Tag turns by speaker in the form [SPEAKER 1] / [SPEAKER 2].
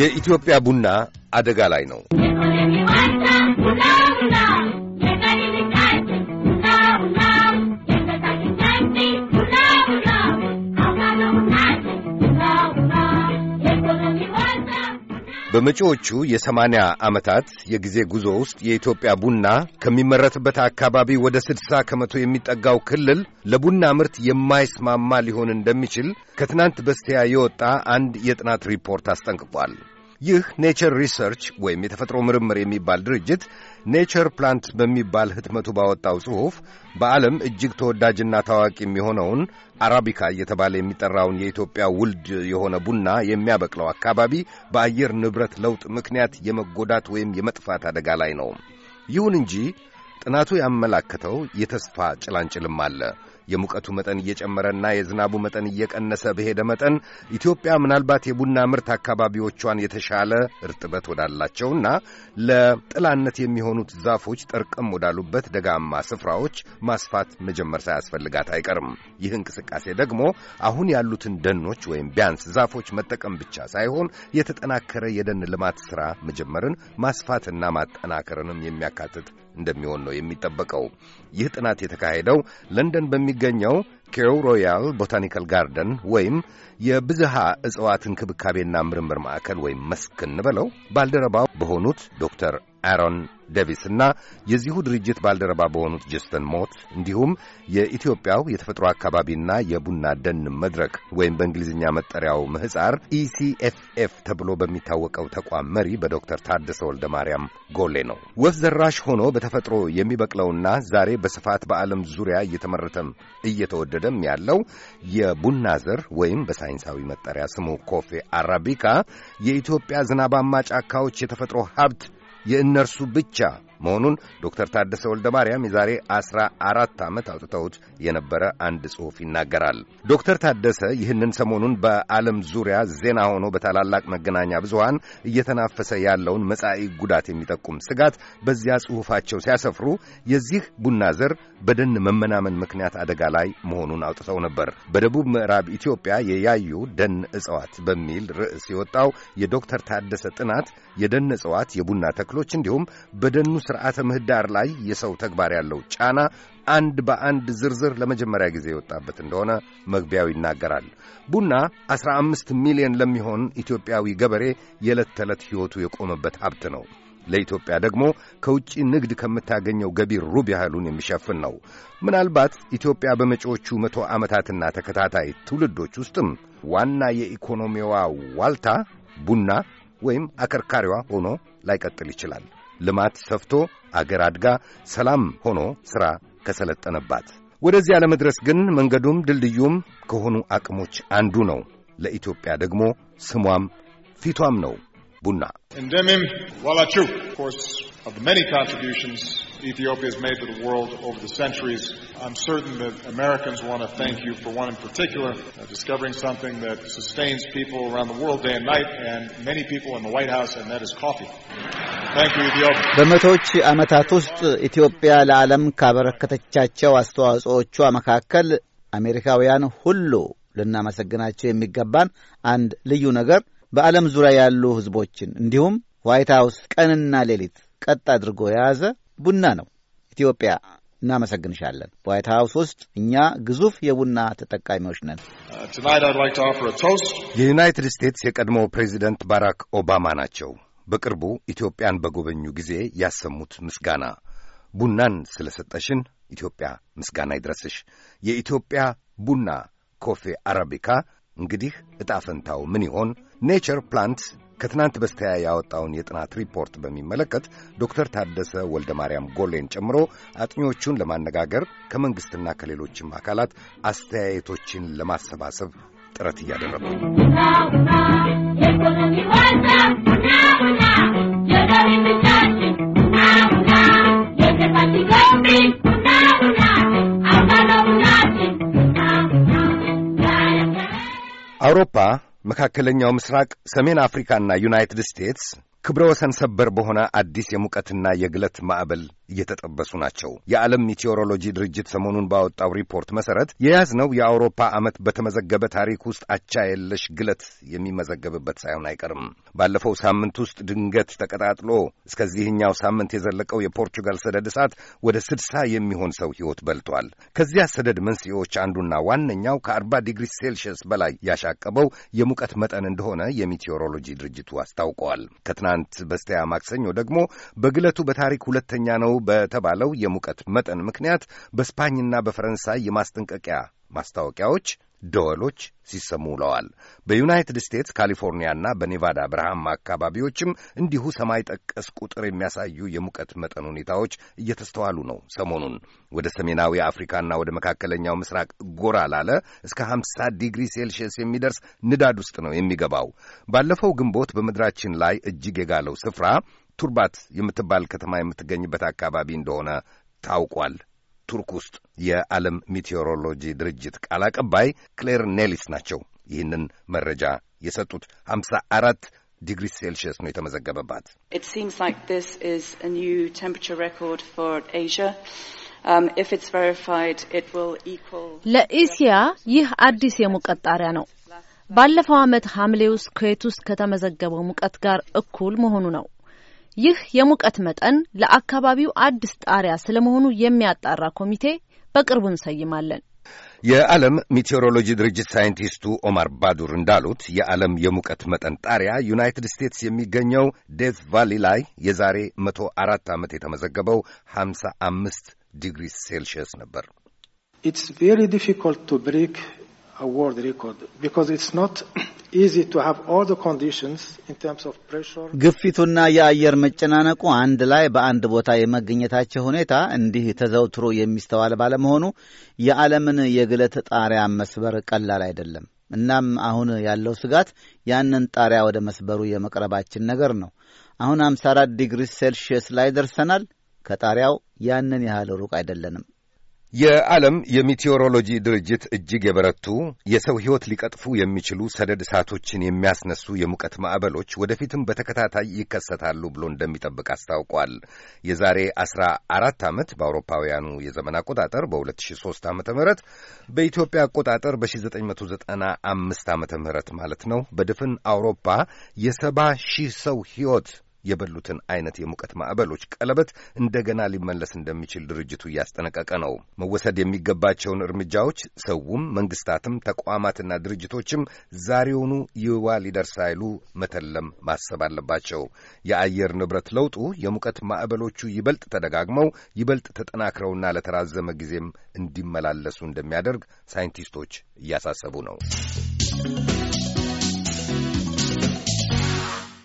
[SPEAKER 1] የኢትዮጵያ ቡና አደጋ ላይ ነው። በመጪዎቹ የሰማንያ ዓመታት የጊዜ ጉዞ ውስጥ የኢትዮጵያ ቡና ከሚመረትበት አካባቢ ወደ ስድሳ ከመቶ የሚጠጋው ክልል ለቡና ምርት የማይስማማ ሊሆን እንደሚችል ከትናንት በስቲያ የወጣ አንድ የጥናት ሪፖርት አስጠንቅቋል። ይህ ኔቸር ሪሰርች ወይም የተፈጥሮ ምርምር የሚባል ድርጅት ኔቸር ፕላንት በሚባል ህትመቱ ባወጣው ጽሑፍ በዓለም እጅግ ተወዳጅና ታዋቂ የሚሆነውን አራቢካ እየተባለ የሚጠራውን የኢትዮጵያ ውልድ የሆነ ቡና የሚያበቅለው አካባቢ በአየር ንብረት ለውጥ ምክንያት የመጎዳት ወይም የመጥፋት አደጋ ላይ ነው። ይሁን እንጂ ጥናቱ ያመላከተው የተስፋ ጭላንጭልም አለ። የሙቀቱ መጠን እየጨመረና የዝናቡ መጠን እየቀነሰ በሄደ መጠን ኢትዮጵያ ምናልባት የቡና ምርት አካባቢዎቿን የተሻለ እርጥበት ወዳላቸውና ለጥላነት የሚሆኑት ዛፎች ጠርቅም ወዳሉበት ደጋማ ስፍራዎች ማስፋት መጀመር ሳያስፈልጋት አይቀርም። ይህ እንቅስቃሴ ደግሞ አሁን ያሉትን ደኖች ወይም ቢያንስ ዛፎች መጠቀም ብቻ ሳይሆን የተጠናከረ የደን ልማት ሥራ መጀመርን ማስፋትና ማጠናከርንም የሚያካትት እንደሚሆን ነው የሚጠበቀው። ይህ ጥናት የተካሄደው ለንደን በሚገኘው ኬው ሮያል ቦታኒካል ጋርደን ወይም የብዝሃ እጽዋት እንክብካቤና ምርምር ማዕከል ወይም መስክ እንበለው ባልደረባው በሆኑት ዶክተር አሮን ዴቪስ እና የዚሁ ድርጅት ባልደረባ በሆኑት ጀስተን ሞት እንዲሁም የኢትዮጵያው የተፈጥሮ አካባቢና የቡና ደን መድረክ ወይም በእንግሊዝኛ መጠሪያው ምህፃር ኢሲኤፍኤፍ e ተብሎ በሚታወቀው ተቋም መሪ በዶክተር ታደሰ ወልደ ማርያም ጎሌ ነው። ወፍ ዘራሽ ሆኖ በተፈጥሮ የሚበቅለውና ዛሬ በስፋት በዓለም ዙሪያ እየተመረተም እየተወደደ ረደም ያለው የቡና ዘር ወይም በሳይንሳዊ መጠሪያ ስሙ ኮፌ አራቢካ የኢትዮጵያ ዝናባማ ጫካዎች የተፈጥሮ ሀብት የእነርሱ ብቻ መሆኑን ዶክተር ታደሰ ወልደ ማርያም የዛሬ አስራ አራት ዓመት አውጥተውት የነበረ አንድ ጽሑፍ ይናገራል። ዶክተር ታደሰ ይህንን ሰሞኑን በዓለም ዙሪያ ዜና ሆኖ በታላላቅ መገናኛ ብዙሃን እየተናፈሰ ያለውን መጻኢ ጉዳት የሚጠቁም ስጋት በዚያ ጽሑፋቸው ሲያሰፍሩ የዚህ ቡና ዘር በደን መመናመን ምክንያት አደጋ ላይ መሆኑን አውጥተው ነበር። በደቡብ ምዕራብ ኢትዮጵያ የያዩ ደን እጽዋት በሚል ርዕስ የወጣው የዶክተር ታደሰ ጥናት የደን እጽዋት፣ የቡና ተክሎች እንዲሁም በደኑ ስርዓተ ምህዳር ላይ የሰው ተግባር ያለው ጫና አንድ በአንድ ዝርዝር ለመጀመሪያ ጊዜ የወጣበት እንደሆነ መግቢያው ይናገራል። ቡና 15 ሚሊዮን ለሚሆን ኢትዮጵያዊ ገበሬ የዕለት ተዕለት ሕይወቱ የቆመበት ሀብት ነው። ለኢትዮጵያ ደግሞ ከውጭ ንግድ ከምታገኘው ገቢ ሩብ ያህሉን የሚሸፍን ነው። ምናልባት ኢትዮጵያ በመጪዎቹ መቶ ዓመታትና ተከታታይ ትውልዶች ውስጥም ዋና የኢኮኖሚዋ ዋልታ ቡና ወይም አከርካሪዋ ሆኖ ላይቀጥል ይችላል። ልማት ሰፍቶ አገር አድጋ ሰላም ሆኖ ሥራ ከሰለጠነባት ወደዚያ ለመድረስ ግን መንገዱም ድልድዩም ከሆኑ አቅሞች አንዱ ነው። ለኢትዮጵያ ደግሞ ስሟም ፊቷም ነው ቡና። እንደምን ዋላችሁ። of the many contributions Ethiopia has made to the world over the centuries. I'm certain that Americans want to thank you for one in particular, uh, discovering something that sustains people around the world day and night, and many people in the White House, and that is coffee. Thank you, Ethiopia. በመቶዎች ዓመታት ውስጥ ኢትዮጵያ ለዓለም ካበረከተቻቸው አስተዋጽኦቿ መካከል አሜሪካውያን ሁሉ ልናመሰግናቸው የሚገባን አንድ ልዩ ነገር በዓለም ዙሪያ ያሉ ሕዝቦችን እንዲሁም ዋይት ሀውስ ቀንና ሌሊት ቀጥ አድርጎ የያዘ ቡና ነው። ኢትዮጵያ እናመሰግንሻለን። ዋይት ሀውስ ውስጥ እኛ ግዙፍ የቡና ተጠቃሚዎች ነን። የዩናይትድ ስቴትስ የቀድሞ ፕሬዚደንት ባራክ ኦባማ ናቸው። በቅርቡ ኢትዮጵያን በጎበኙ ጊዜ ያሰሙት ምስጋና ቡናን ስለ ሰጠሽን ኢትዮጵያ ምስጋና ይድረስሽ። የኢትዮጵያ ቡና ኮፌ አረቢካ እንግዲህ ዕጣ ፈንታው ምን ይሆን? ኔቸር ፕላንት ከትናንት በስቲያ ያወጣውን የጥናት ሪፖርት በሚመለከት ዶክተር ታደሰ ወልደ ማርያም ጎሌን ጨምሮ አጥኚዎቹን ለማነጋገር ከመንግሥትና ከሌሎችም አካላት አስተያየቶችን ለማሰባሰብ ጥረት እያደረጉ መካከለኛው ምስራቅ፣ ሰሜን አፍሪካና ዩናይትድ ስቴትስ ክብረ ወሰን ሰበር በሆነ አዲስ የሙቀትና የግለት ማዕበል እየተጠበሱ ናቸው። የዓለም ሜቴዎሮሎጂ ድርጅት ሰሞኑን ባወጣው ሪፖርት መሠረት የያዝነው የአውሮፓ ዓመት በተመዘገበ ታሪክ ውስጥ አቻ የለሽ ግለት የሚመዘገብበት ሳይሆን አይቀርም። ባለፈው ሳምንት ውስጥ ድንገት ተቀጣጥሎ እስከዚህኛው ሳምንት የዘለቀው የፖርቹጋል ሰደድ እሳት ወደ ስድሳ የሚሆን ሰው ሕይወት በልቷል። ከዚያ ሰደድ መንስኤዎች አንዱና ዋነኛው ከአርባ ዲግሪ ሴልሺየስ በላይ ያሻቀበው የሙቀት መጠን እንደሆነ የሜቴዎሮሎጂ ድርጅቱ አስታውቀዋል። ከትናንት በስቲያ ማክሰኞ ደግሞ በግለቱ በታሪክ ሁለተኛ ነው በተባለው የሙቀት መጠን ምክንያት በስፓኝና በፈረንሳይ የማስጠንቀቂያ ማስታወቂያዎች ደወሎች ሲሰሙ ውለዋል። በዩናይትድ ስቴትስ ካሊፎርኒያና በኔቫዳ በረሃማ አካባቢዎችም እንዲሁ ሰማይ ጠቀስ ቁጥር የሚያሳዩ የሙቀት መጠን ሁኔታዎች እየተስተዋሉ ነው። ሰሞኑን ወደ ሰሜናዊ አፍሪካና ወደ መካከለኛው ምስራቅ ጎራ ላለ እስከ 50 ዲግሪ ሴልሺየስ የሚደርስ ንዳድ ውስጥ ነው የሚገባው። ባለፈው ግንቦት በምድራችን ላይ እጅግ የጋለው ስፍራ ቱርባት የምትባል ከተማ የምትገኝበት አካባቢ እንደሆነ ታውቋል። ቱርክ ውስጥ የዓለም ሚቴዎሮሎጂ ድርጅት ቃል አቀባይ ክሌር ኔሊስ ናቸው ይህንን መረጃ የሰጡት። ሀምሳ አራት ዲግሪ ሴልሽየስ ነው የተመዘገበባት። um, ለኤስያ ይህ አዲስ የሙቀት ጣሪያ ነው። ባለፈው ዓመት ሐምሌ ውስጥ ኩዌት ውስጥ ከተመዘገበው ሙቀት ጋር እኩል መሆኑ ነው። ይህ የሙቀት መጠን ለአካባቢው አዲስ ጣሪያ ስለመሆኑ የሚያጣራ ኮሚቴ በቅርቡ እንሰይማለን። የዓለም ሚቴዎሮሎጂ ድርጅት ሳይንቲስቱ ኦማር ባዱር እንዳሉት የዓለም የሙቀት መጠን ጣሪያ ዩናይትድ ስቴትስ የሚገኘው ዴዝ ቫሊ ላይ የዛሬ መቶ አራት ዓመት የተመዘገበው ሀምሳ አምስት ዲግሪ ሴልሺየስ ነበር። ኢትስ ቬሪ ዲፊኮልት ቱ ብሬክ አ ወርልድ ሪኮርድ ቢካዝ ኢትስ ኖት ግፊቱና የአየር መጨናነቁ አንድ ላይ በአንድ ቦታ የመገኘታቸው ሁኔታ እንዲህ ተዘውትሮ የሚስተዋል ባለመሆኑ የዓለምን የግለት ጣሪያ መስበር ቀላል አይደለም። እናም አሁን ያለው ስጋት ያንን ጣሪያ ወደ መስበሩ የመቅረባችን ነገር ነው። አሁን 54 ዲግሪ ሴልሽየስ ላይ ደርሰናል። ከጣሪያው ያንን ያህል ሩቅ አይደለንም። የዓለም የሚቴዎሮሎጂ ድርጅት እጅግ የበረቱ የሰው ሕይወት ሊቀጥፉ የሚችሉ ሰደድ እሳቶችን የሚያስነሱ የሙቀት ማዕበሎች ወደፊትም በተከታታይ ይከሰታሉ ብሎ እንደሚጠብቅ አስታውቋል። የዛሬ አስራ አራት ዓመት በአውሮፓውያኑ የዘመን አቆጣጠር በ2003 ዓ ም በኢትዮጵያ አቆጣጠር በ1995 ዓ ም ማለት ነው በድፍን አውሮፓ የሰባ ሺህ ሰው ሕይወት የበሉትን አይነት የሙቀት ማዕበሎች ቀለበት እንደገና ሊመለስ እንደሚችል ድርጅቱ እያስጠነቀቀ ነው። መወሰድ የሚገባቸውን እርምጃዎች ሰውም፣ መንግስታትም፣ ተቋማትና ድርጅቶችም ዛሬውኑ ይዋ ሊደርስ አይሉ መተለም ማሰብ አለባቸው። የአየር ንብረት ለውጡ የሙቀት ማዕበሎቹ ይበልጥ ተደጋግመው ይበልጥ ተጠናክረውና ለተራዘመ ጊዜም እንዲመላለሱ እንደሚያደርግ ሳይንቲስቶች እያሳሰቡ ነው።